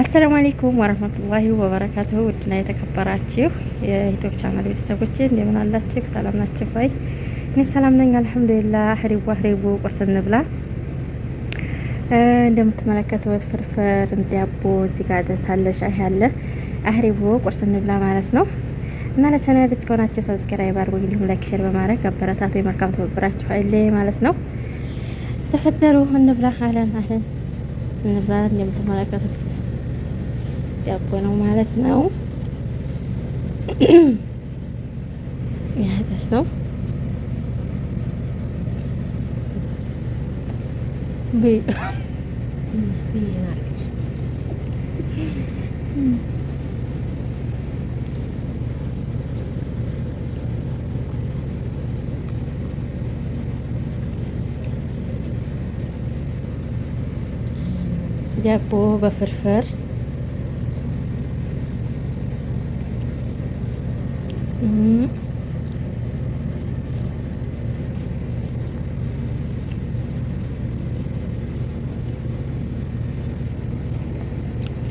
አሰላሙ አሌይኩም ወረህመቱላሂ ወበረካቱሁ ውድና የተከበራችሁ የኢትዮጵያ ቻናል ቤተሰቦቼ እንደምን አላችሁ? ሰላም ናችሁ ወይ? እኔ ሰላም ነኝ አልሐምዱሊላህ። ህሪቡ ህሪቡ ቁርስ እንብላ። እንደምትመለከቱት ፍርፍር እንዲያቦ እዚህ ጋር ደሳለሽ አህ ያለ አህሪቡ ቁርስ እንብላ ማለት ነው። እና ለቻናል ቤት ከሆናችሁ ሰብስክራይብ አድርጉ፣ እንዲሁም ላይክ፣ ሼር በማድረግ አበረታቱ። የመልካም ትብብራችሁ አይሌ ማለት ነው። ተፈደሩ እንብላ። አለን አለን እንብላ እንደምትመለከቱት ዳቦ ነው ማለት ነው። ያህተስ ነው ዳቦ በፍርፍር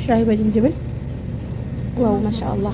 شاي بجنجبل واو ما شاء الله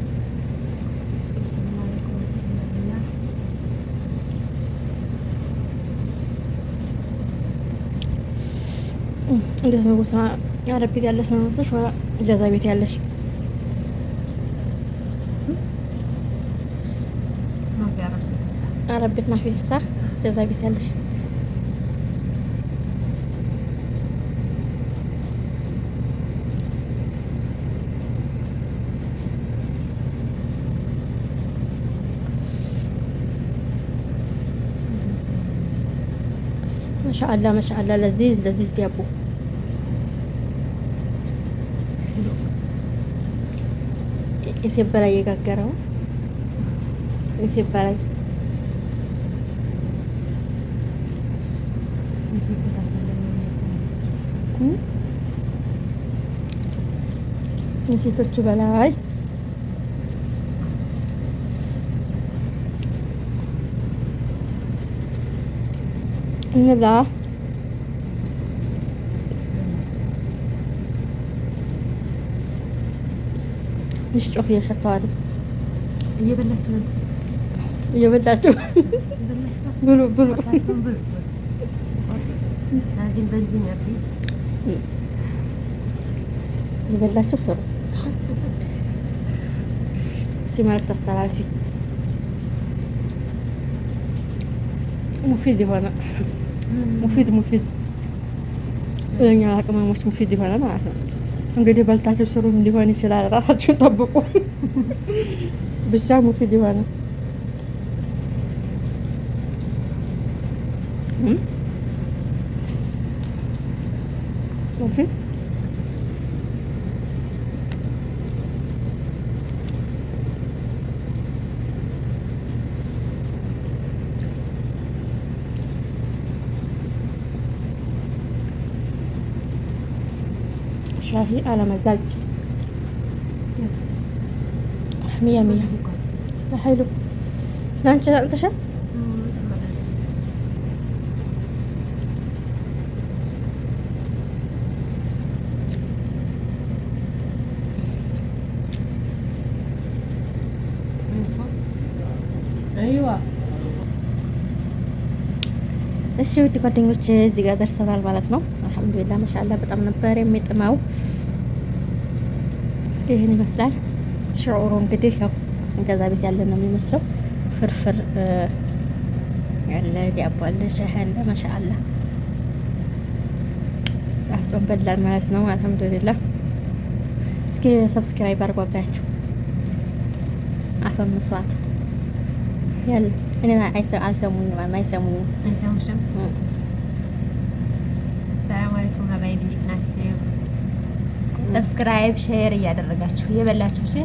እንዴት ነው ወሳ አረብ ቤት ያለሽ ነው ነበር ወላ እጃዛ ቤት ያለሽ አረብ ቤት ማፊ صح እጃዛ ቤት ያለሽ ما شاء الله ما شاء الله لذيذ لذيذ ديابو እየሰበራ እየጋገረው እየሰበራ የሴቶቹ በላይ እንብላ። ትንሽ ጮክ እየሸተዋል። እየበላችሁ ነው እየበላችሁ ብሉ ብሉ። እየበላችሁ ስሩ። እስቲ መልዕክት አስተላልፊ ሙፊድ የሆነ ሙፊድ ሙፊድ ለእኛ ቅመሞች ሙፊድ የሆነ ማለት ነው። እንግዲህ በልታችሁ ስሩም ሊሆን ይችላል። ራሳችሁን ጠብቁ ብቻ ሙፊድ የሆነ ሙፊድ shahi ala mazaji. Mia mia حلو لانش التشم እሺ ውድ ጓደኞች እዚህ ጋር ደርሰናል ማለት ነው። አልሐምዱሊላ ማሻላ በጣም ነበር የሚጥመው። ይህን ይመስላል ሽዑሩ። እንግዲህ ያው እንደዛ ቤት ያለ ነው የሚመስለው። ፍርፍር ያለ ዳቦ አለ፣ ሻህ አለ። ማሻአላ አፍጦን በላን ማለት ነው። አልሐምዱሊላ እስኪ ሰብስክራይብ አድርጓባቸው አፈን መስዋዕት ያለ እኔ አይሰሙኝም አይሰሙኝም ሰብስክራይብ ሼር እያደረጋችሁ የበላችሁ ሲ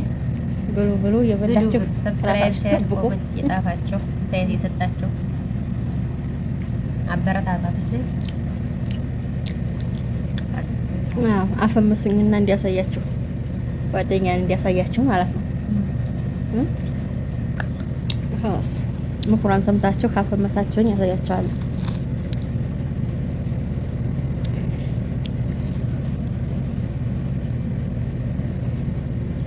ብሉ ብሉ የበላችሁ ሰብስክራይብ ሼር ኮሜንት የጻፋችሁ አስተያየት የሰጣችሁ አበረታታት ሲ አፈምሱኝና እንዲያሳያችሁ ጓደኛ እንዲያሳያችሁ ማለት ነው። ምሁራን ሰምታችሁ ካፈመሳችሁኝ ያሳያችኋለሁ።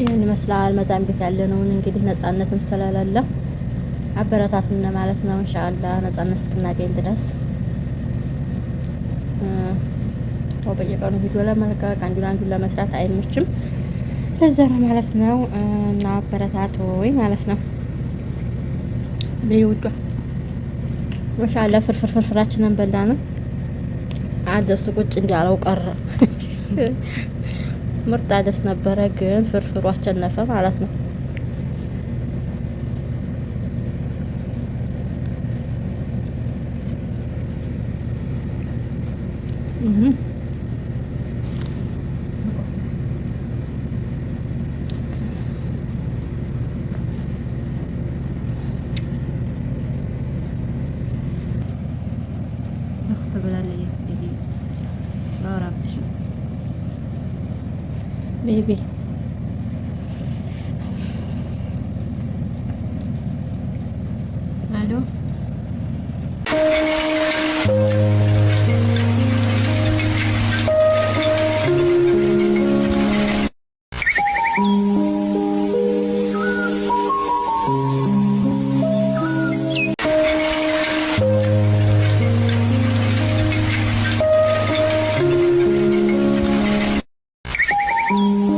ይህን ይመስላል። መዳም ቤት ያለነውን እንግዲህ ነጻነትም ስለሌለ አበረታትን ማለት ነው። እንሻአላ ነጻነት እስክናገኝ ድረስ ያው በየቀኑ ቪዲዮ ለመልቀቅ አንዱን አንዱን ለመስራት አይመችም። ለዛ ነው ማለት ነው። እና አበረታት ወይ ማለት ነው። ለይውጣ ማሻአላ ፍርፍር ፍርፍራችንን በላን። አደሱ ቁጭ እንዲያለው ቀረ ምርጥ አደስ ነበረ፣ ግን ፍርፍሩ አሸነፈ ማለት ነው። اختبر علي يا سيدي لا ربي maybe 嗯。